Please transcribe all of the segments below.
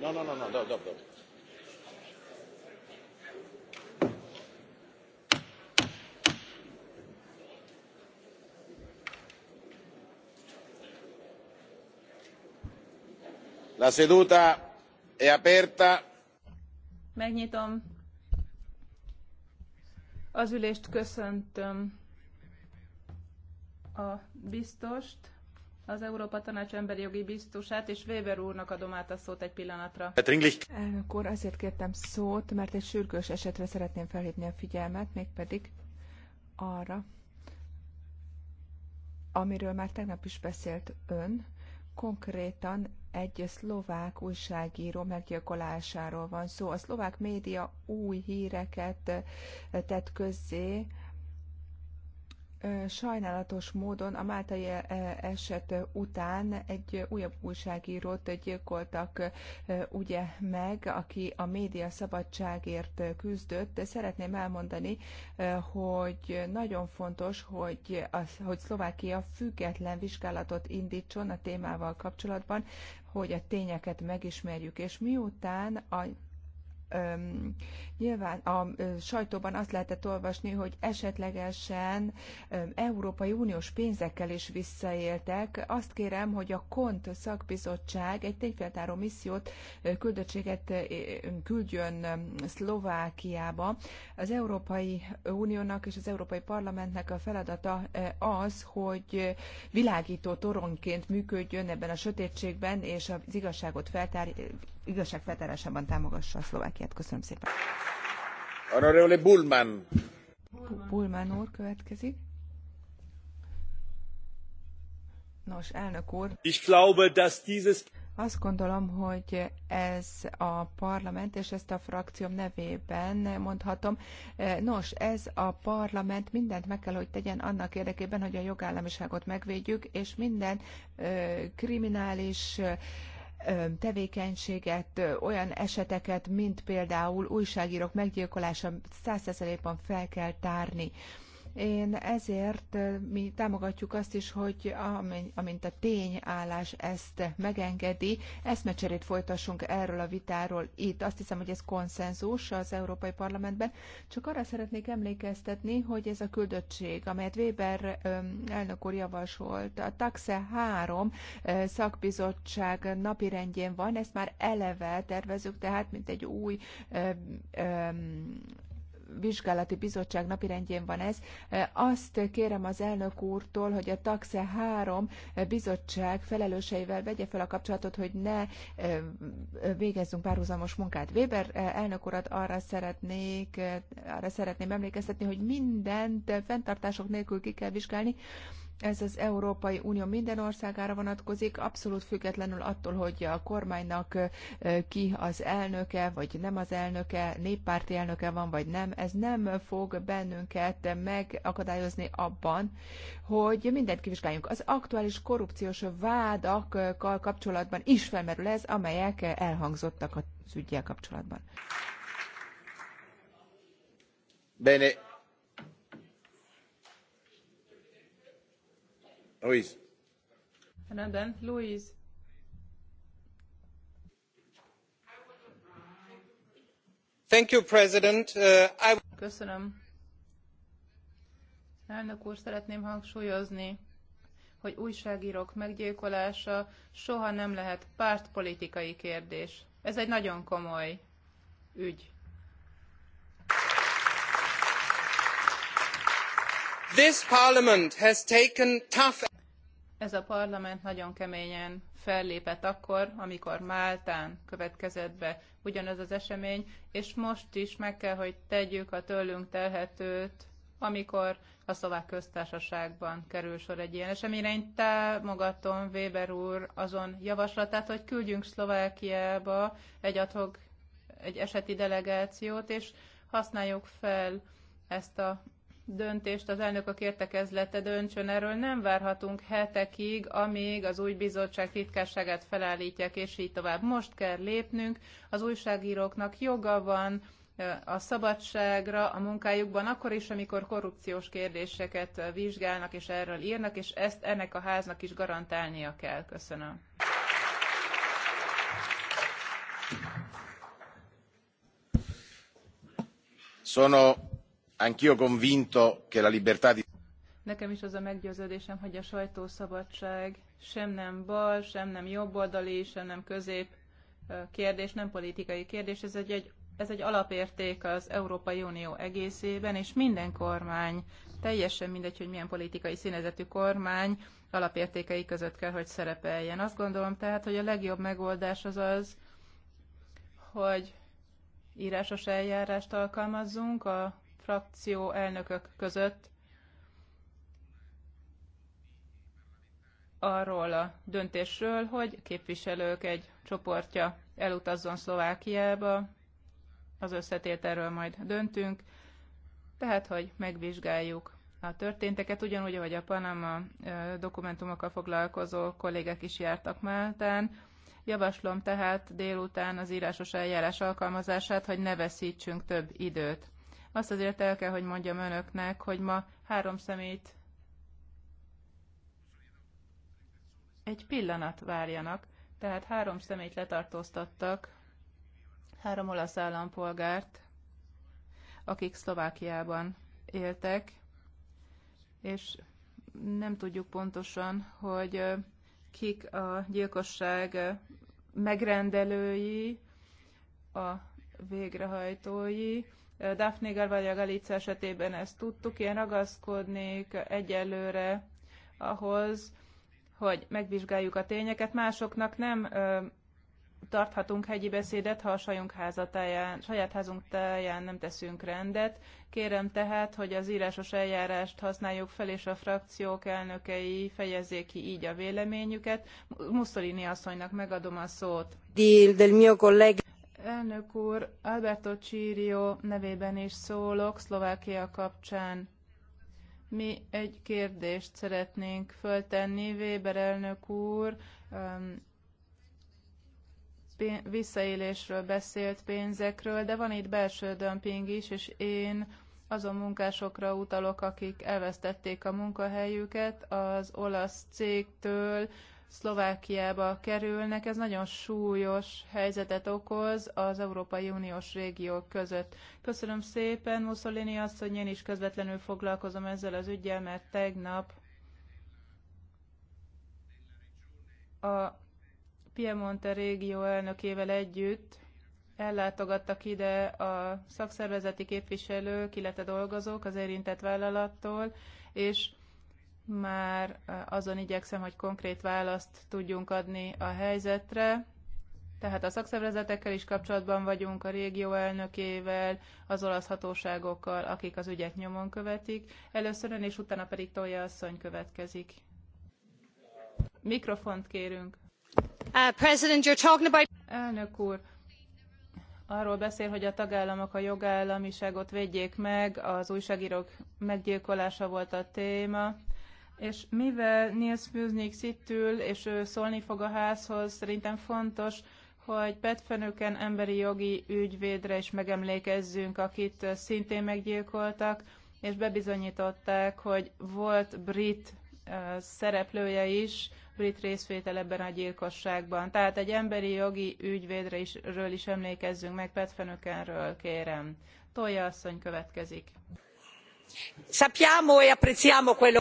No, no, no, no, dob, dob, dob. La seduta è aperta. Megnyitom. Az ülést köszöntöm a biztost az Európa Tanács emberi jogi biztosát, és Weber úrnak adom át a szót egy pillanatra. Elnök úr, azért kértem szót, mert egy sürgős esetre szeretném felhívni a figyelmet, mégpedig arra, amiről már tegnap is beszélt ön, konkrétan egy szlovák újságíró meggyilkolásáról van szó. A szlovák média új híreket tett közzé sajnálatos módon a máltai eset után egy újabb újságírót gyilkoltak ugye meg, aki a média szabadságért küzdött. Szeretném elmondani, hogy nagyon fontos, hogy, az, hogy Szlovákia független vizsgálatot indítson a témával kapcsolatban, hogy a tényeket megismerjük, és miután a Öm, nyilván a ö, sajtóban azt lehetett olvasni, hogy esetlegesen öm, Európai Uniós pénzekkel is visszaéltek. Azt kérem, hogy a KONT szakbizottság egy tényfeltáró missziót, ö, küldöttséget ö, küldjön ö, Szlovákiába. Az Európai Uniónak és az Európai Parlamentnek a feladata ö, az, hogy világító toronként működjön ebben a sötétségben, és az igazságot feltár, feltárásában támogassa a Szlovákiát. Köszönöm szépen. Honorable Bullman. Bullman úr következik. Nos, elnök úr. Ich glaube, dass dieses... Azt gondolom, hogy ez a parlament, és ezt a frakcióm nevében mondhatom, nos, ez a parlament mindent meg kell, hogy tegyen annak érdekében, hogy a jogállamiságot megvédjük, és minden ö, kriminális ö, tevékenységet, olyan eseteket, mint például újságírók meggyilkolása, százszerzelékben fel kell tárni. Én ezért mi támogatjuk azt is, hogy amint a tényállás ezt megengedi, eszmecserét folytassunk erről a vitáról itt. Azt hiszem, hogy ez konszenzus az Európai Parlamentben. Csak arra szeretnék emlékeztetni, hogy ez a küldöttség, amelyet Weber elnök úr javasolt, a TAXE 3 szakbizottság napirendjén van, ezt már eleve tervezünk, tehát mint egy új vizsgálati bizottság napirendjén van ez. Azt kérem az elnök úrtól, hogy a TAXE 3 bizottság felelőseivel vegye fel a kapcsolatot, hogy ne végezzünk párhuzamos munkát. Weber elnök urat arra szeretnék, arra szeretném emlékeztetni, hogy mindent fenntartások nélkül ki kell vizsgálni, ez az Európai Unió minden országára vonatkozik, abszolút függetlenül attól, hogy a kormánynak ki az elnöke, vagy nem az elnöke, néppárti elnöke van, vagy nem. Ez nem fog bennünket megakadályozni abban, hogy mindent kivizsgáljunk. Az aktuális korrupciós vádakkal kapcsolatban is felmerül ez, amelyek elhangzottak az ügyjel kapcsolatban. Bene, And then Luis. Thank you, President. Uh, I... Köszönöm. Elnök úr, szeretném hangsúlyozni, hogy újságírók meggyilkolása soha nem lehet pártpolitikai kérdés. Ez egy nagyon komoly ügy. This parliament has taken tough... Ez a parlament nagyon keményen fellépett akkor, amikor Máltán következett be ugyanez az esemény, és most is meg kell, hogy tegyük a tőlünk telhetőt, amikor a szlovák köztársaságban kerül sor egy ilyen eseményre. Én támogatom Weber úr azon javaslatát, hogy küldjünk Szlovákiába egy adhok, egy eseti delegációt, és használjuk fel ezt a döntést az a kértekezlete döntsön, erről nem várhatunk hetekig, amíg az új bizottság titkárságát felállítják, és így tovább. Most kell lépnünk, az újságíróknak joga van eh, a szabadságra a munkájukban, akkor is, amikor korrupciós kérdéseket eh, vizsgálnak és erről írnak, és ezt ennek a háznak is garantálnia kell. Köszönöm. Sono Nekem is az a meggyőződésem, hogy a sajtószabadság sem nem bal, sem nem jobboldali, sem nem közép kérdés, nem politikai kérdés, ez egy, egy, ez egy alapérték az Európai Unió egészében, és minden kormány, teljesen mindegy, hogy milyen politikai színezetű kormány, alapértékei között kell, hogy szerepeljen. Azt gondolom tehát, hogy a legjobb megoldás az az, hogy írásos eljárást alkalmazzunk a frakció elnökök között arról a döntésről, hogy képviselők egy csoportja elutazzon Szlovákiába, az összetételről majd döntünk, tehát, hogy megvizsgáljuk a történteket, ugyanúgy, ahogy a Panama dokumentumokkal foglalkozó kollégek is jártak Máltán. Javaslom tehát délután az írásos eljárás alkalmazását, hogy ne veszítsünk több időt. Azt azért el kell, hogy mondjam önöknek, hogy ma három szemét egy pillanat várjanak, tehát három szemét letartóztattak, három olasz állampolgárt, akik Szlovákiában éltek, és nem tudjuk pontosan, hogy kik a gyilkosság megrendelői, a végrehajtói, Daphne Garvalja Galica esetében ezt tudtuk, én ragaszkodnék egyelőre ahhoz, hogy megvizsgáljuk a tényeket. Másoknak nem ö, tarthatunk hegyi beszédet, ha a sajunk házatáján, saját házunk táján nem teszünk rendet. Kérem tehát, hogy az írásos eljárást használjuk fel, és a frakciók elnökei fejezzék ki így a véleményüket. Mussolini asszonynak megadom a szót. Del mio collega. Elnök úr, Alberto Csírió nevében is szólok Szlovákia kapcsán. Mi egy kérdést szeretnénk föltenni. Weber elnök úr um, visszaélésről beszélt pénzekről, de van itt belső dömping is, és én azon munkásokra utalok, akik elvesztették a munkahelyüket az olasz cégtől, Szlovákiába kerülnek. Ez nagyon súlyos helyzetet okoz az Európai Uniós régiók között. Köszönöm szépen, Mussolini asszony, én is közvetlenül foglalkozom ezzel az ügyel, mert tegnap a Piemonte régió elnökével együtt ellátogattak ide a szakszervezeti képviselők, illetve dolgozók az érintett vállalattól, és már azon igyekszem, hogy konkrét választ tudjunk adni a helyzetre. Tehát a szakszervezetekkel is kapcsolatban vagyunk, a régió elnökével, az olasz hatóságokkal, akik az ügyet nyomon követik. Először ön, és utána pedig Tolja asszony következik. Mikrofont kérünk. Uh, President, you're talking about... Elnök úr, arról beszél, hogy a tagállamok a jogállamiságot védjék meg, az újságírók meggyilkolása volt a téma és mivel Nils Fűznik itt ül, és ő szólni fog a házhoz, szerintem fontos, hogy Petfenőken emberi jogi ügyvédre is megemlékezzünk, akit szintén meggyilkoltak, és bebizonyították, hogy volt brit szereplője is, brit részvétel ebben a gyilkosságban. Tehát egy emberi jogi ügyvédre is, ről is emlékezzünk meg, Petfenökenről kérem. Tolja asszony következik. Sappiamo e apprezziamo quello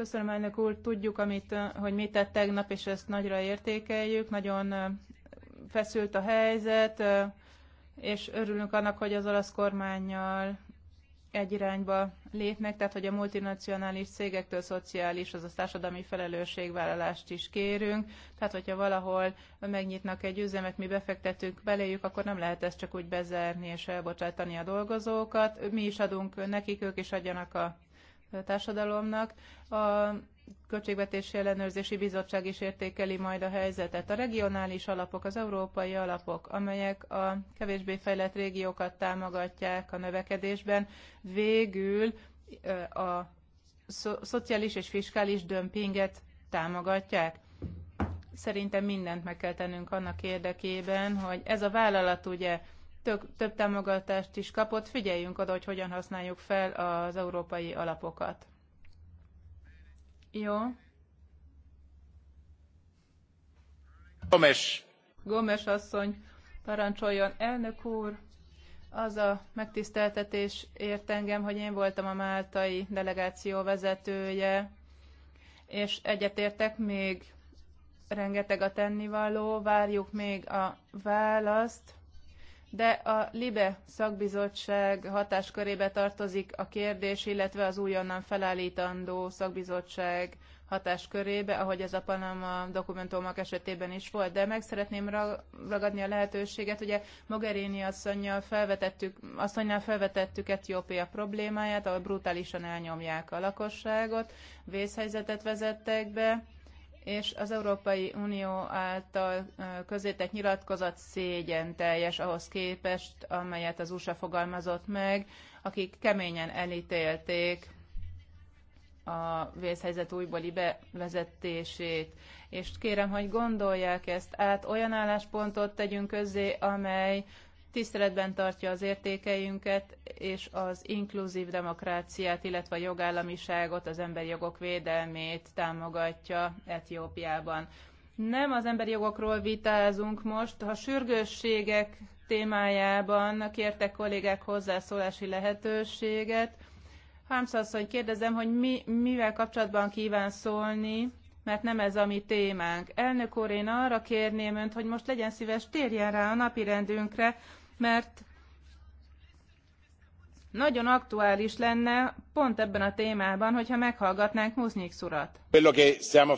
Köszönöm, elnök úr. Tudjuk, amit, hogy mit tett tegnap, és ezt nagyra értékeljük. Nagyon feszült a helyzet, és örülünk annak, hogy az olasz kormányjal egy irányba lépnek, tehát hogy a multinacionális cégektől szociális, azaz társadalmi felelősségvállalást is kérünk. Tehát, hogyha valahol megnyitnak egy üzemet, mi befektetünk beléjük, akkor nem lehet ezt csak úgy bezárni és elbocsátani a dolgozókat. Mi is adunk nekik, ők is adjanak a társadalomnak. A Költségvetési Ellenőrzési Bizottság is értékeli majd a helyzetet. A regionális alapok, az európai alapok, amelyek a kevésbé fejlett régiókat támogatják a növekedésben, végül a szo- szociális és fiskális dömpinget támogatják. Szerintem mindent meg kell tennünk annak érdekében, hogy ez a vállalat ugye tök, több támogatást is kapott. Figyeljünk oda, hogy hogyan használjuk fel az európai alapokat. Jó. Gomes. Gomes asszony, parancsoljon. Elnök úr, az a megtiszteltetés ért engem, hogy én voltam a máltai delegáció vezetője, és egyetértek még rengeteg a tennivaló, várjuk még a választ de a LIBE szakbizottság hatáskörébe tartozik a kérdés, illetve az újonnan felállítandó szakbizottság hatáskörébe, ahogy ez a Panama dokumentumok esetében is volt. De meg szeretném ragadni a lehetőséget, ugye Mogherini asszonynal felvetettük, asszonynal felvetettük Etiópia problémáját, ahol brutálisan elnyomják a lakosságot, vészhelyzetet vezettek be, és az Európai Unió által közétett nyilatkozat szégyen teljes ahhoz képest, amelyet az USA fogalmazott meg, akik keményen elítélték a vészhelyzet újbóli bevezetését. És kérem, hogy gondolják ezt át, olyan álláspontot tegyünk közzé, amely tiszteletben tartja az értékeinket és az inkluzív demokráciát, illetve a jogállamiságot, az emberi jogok védelmét támogatja Etiópiában. Nem az emberi jogokról vitázunk most, ha sürgősségek témájában kértek kollégák hozzászólási lehetőséget. Hámsz asszony, kérdezem, hogy mi, mivel kapcsolatban kíván szólni, mert nem ez a mi témánk. Elnök úr, én arra kérném önt, hogy most legyen szíves, térjen rá a rendünkre, mert nagyon aktuális lenne pont ebben a témában, hogyha meghallgatnánk Muznyik urat.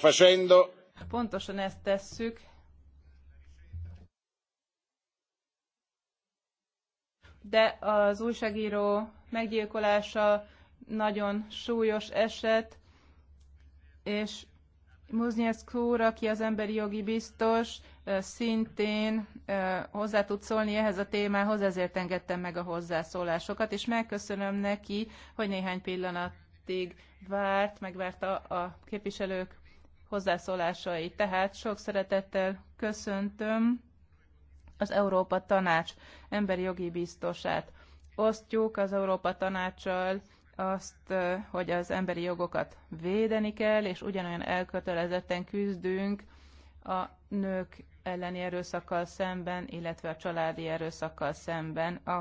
facendo. Pontosan ezt tesszük. De az újságíró meggyilkolása nagyon súlyos eset, és Muznyeszk úr, aki az emberi jogi biztos, szintén hozzá tud szólni ehhez a témához, ezért engedtem meg a hozzászólásokat, és megköszönöm neki, hogy néhány pillanatig várt, megvárta a képviselők hozzászólásait. Tehát sok szeretettel köszöntöm az Európa Tanács emberi jogi biztosát. Osztjuk az Európa Tanácssal azt, hogy az emberi jogokat védeni kell, és ugyanolyan elkötelezetten küzdünk a nők elleni erőszakkal szemben, illetve a családi erőszakkal szemben. A